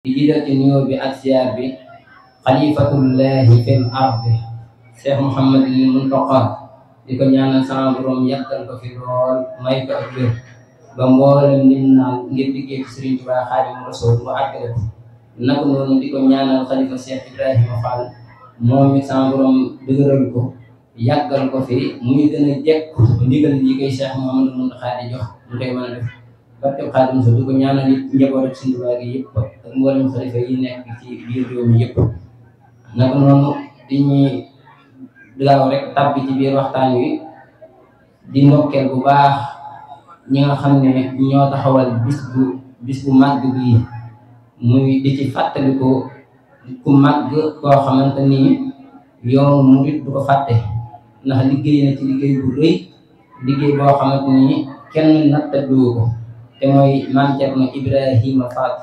di jiital bi ak siyaar bi xalifatullahi fil ardi cheikh mouhamadul muntaqa di ko ñaanal sama borom yàggal ko fi lool may ko ak wér ba mboolem lim naan ngir liggéey ci Sëriñ Tuubaa Rasuul mu àggale ko naka noonu di ko xalifa cheikh ibrahima fall moom it sama borom dëgëral ko yàggal ko fi muy gën a jekk ndigal yi koy cheikh mouhamadul muntaqa di jox mu koy mën barke xaadim sa du di ñaanal orang njaboot lagi, suñu waa gi yëpp ak mboolem xalifa yi nekk biru biir réew mi yëpp naka noonu dañuy gaaw rek tàbbi ci biir waxtaan wi di ndokkeel bu baax ñi nga xam ne ñoo taxawal bis bu bis bu màgg bii muy di ci fàttaliku ku màgg koo xamante ni yow murit du ko fàtte ndax liggéey na ci liggéey bu rëy liggéey boo xamante ni kenn te mooy maam Thierno Ibrahima Fall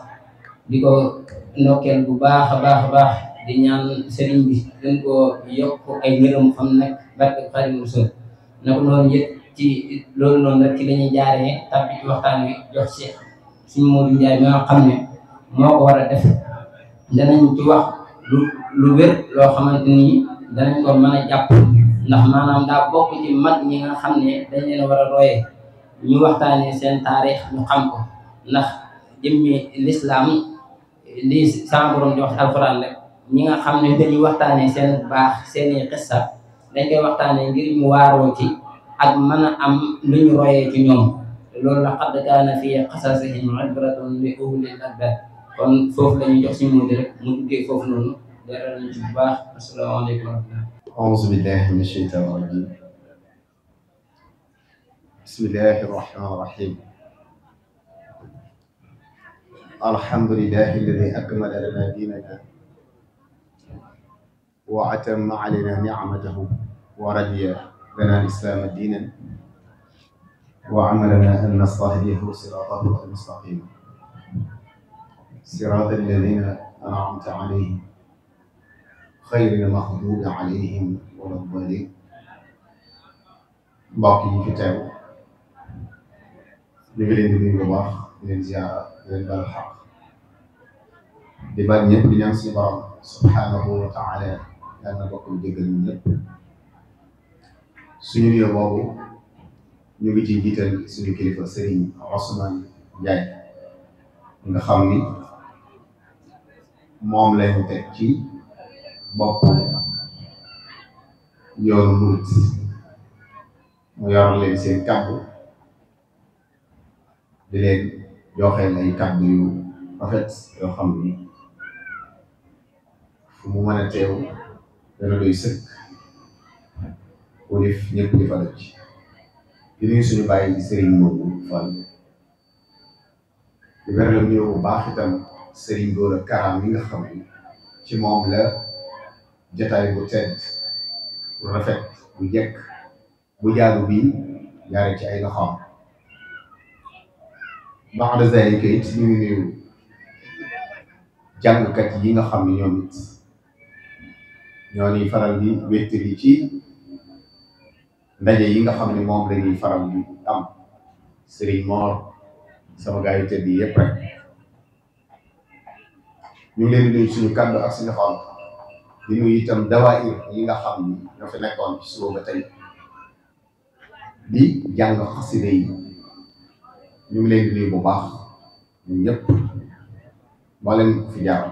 di ko ndokkeel bu baax a baax a baax di ñaan sëriñ bi gën koo yokk ay ngërëm xam nag barke Xaadimu Rasuul na ko noonu yëpp ci lool noonu rek ci la ñuy jaaree waxtaan wi jox si suñu Modou Ndiaye ma xam ne moo ko war a def danañ ci wax lu lu wér loo xamante ni danañ ko mën a jàpp ndax maanaam daa bokk ci mag ñi nga xam ne dañ leen war a royee ñu waxtaanee seen taarix ñu xam ko ndax jëmmi lislaam li sama borom di wax rek ñi nga xam ne dañuy waxtaanee seen baax seeni xissa dañ koy waxtaanee ngir ñu waaroo ci ak mën a am lu ñu royee ci ñoom loolu la qad kaana fi qasasihim ibratun li ulil albab kon foofu la jox si muudi rek mu duggee foofu noonu dara nañ bu baax asalaamaaleykum wa rahmatullah auzu billahi بسم الله الرحمن الرحيم الحمد لله الذي أكمل لنا ديننا وأتم علينا نعمته ورضي لنا الإسلام دينا وعملنا أن نستهديه صراطه المستقيم صراط الذين أنعمت عليهم خير المغضوب عليهم ولا الضالين باقي كتابه ñu ngi leen di nuyu bu leen ziara di leen baal xaq di baal ñëpp di ñaan suñu borom subhaanahu wa taala yal na bokk mu jéggal ñun ñëpp suñu nuyoo boobu ñu ngi ci jiital suñu kilifa Sëriñ Ousmane Ndiaye nga xam ni moom lañu teg ci bopp yoonu mu yor leen seen kàddu di leen joxeel ay kàddu rafet yoo xam ni fu mu mën a teew dana doy sëkk wala ñëpp di fa ci di nuyu suñu bàyyi di Serigne Modou Fall di wér ñu bu baax itam Serigne Gora nga xam ni ci moom la jotaay bu tedd bu rafet bu jekk bu jaadu bii jaare ci ay loxoom. ba'da zaalika it ñu ngi nuyu jàngkat yi nga xam ne ñoom it ñoo ñuy faral di wéttali ci ndaje yi nga xam ne moom la ñuy faral di am Serigne Mor sama gars yi tëdd yëpp rek ñu ngi leen di nuyu kàddu ak suñu xol di nuyu itam yi nga xam ni ñoo fi nekkoon ci suba ba tey di jàng xasida ñu ngi leen di nuyu bu baax ñun ñëpp mboolem fi jaar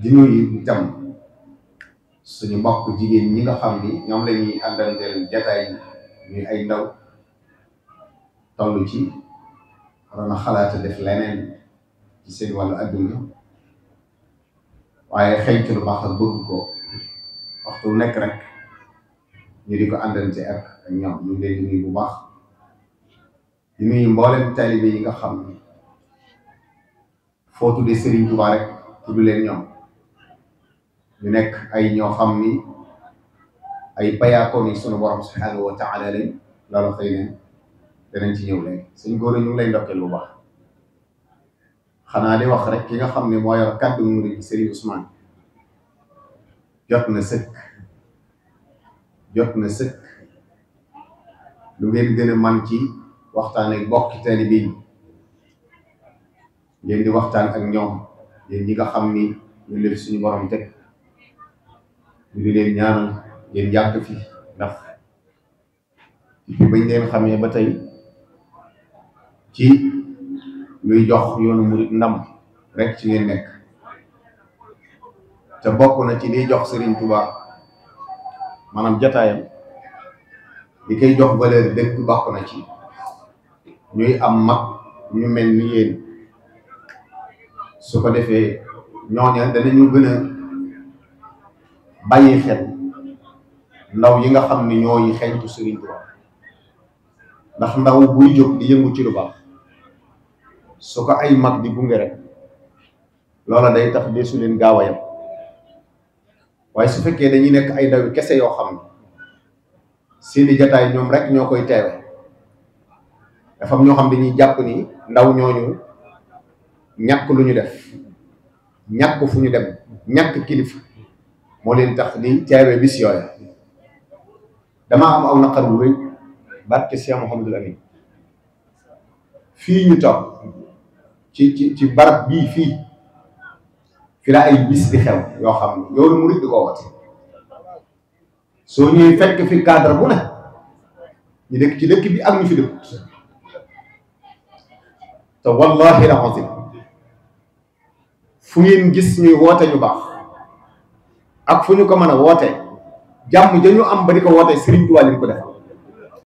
di nuyu itam suñu mbokk jigéen ñi nga xam ni ñoom la ñuy àndanteel jataay ñuy ay ndaw toll ci waroon a xalaat def leneen ci seen wàllu adduna waaye xëytu lu baax ak bëgg ko waxtu nekk rek ñu di ko àndante ak ñoom ñu leen di nuyu bu baax. di nuyu mboolem taalibe yi nga xam ni foo tuddee Serigne Touba rek tudd leen ñoom ñu nekk ay ñoo xam ni ay bayaakoon yi sunu borom subhanahu wa taala leen loolu xëy na danañ ci ñëw léegi suñ góor ñu ngi lay ndokkeel bu baax xanaa di wax rek ki nga xam ne moo yor kàddu mu di Serigne jot na sëkk jot na sëkk lu ngeen gën man ci waxtaan ak bokk taalibe yi ngeen di waxtaan ak ñoom yéen ñi nga xam ni ñu leen suñu borom teg ñu di leen ñaanal ngeen yàgg fi ndax fi bañ leen xamee ba tey ci luy jox yoonu murit ndam rek ci ngeen nekk te bokk na ci liy jox Serigne Touba maanaam jataayam li koy jox valeur dëkk bokk na ci ñuy am mag ñu mel ni yéen su ko defee ñooña danañu gën a bàyyi xel ndaw yi nga xam ni ñooy xeeñtu Sëriñ Tuubaa ndax ndaw buy jóg di yëngu ci lu baax su ko ay mag di gunge rek loola day tax deesu leen gaaw a yam waaye su fekkee dañuy nekk ay ndaw kese yoo xam ne seeni jataay ñoom rek ñoo koy teere dafa am ñoo xam dañuy jàpp ni ndaw ñooñu ñàkk lu ñu def ñàkk fu ñu dem ñàkk kilifa moo leen tax di teewe bis yooya damaa am aw naqar wu rëy barke Seex Muhammadul Amin fii ñu toog ci ci ci barab bii fii fi la ay bis di xew yoo xam ne yoonu murid di ko woote soo ñuy fekk fi cadre bu ne ñu dëkk ci dëkk bi ak ñu fi dëkkut te wallahi la azim fu ngeen gis ñuy woote ñu baax ak fu ñu ko mën a woote jàmm ja ñu am ba di ko woote Sëriñ Tuubaa leen ko defal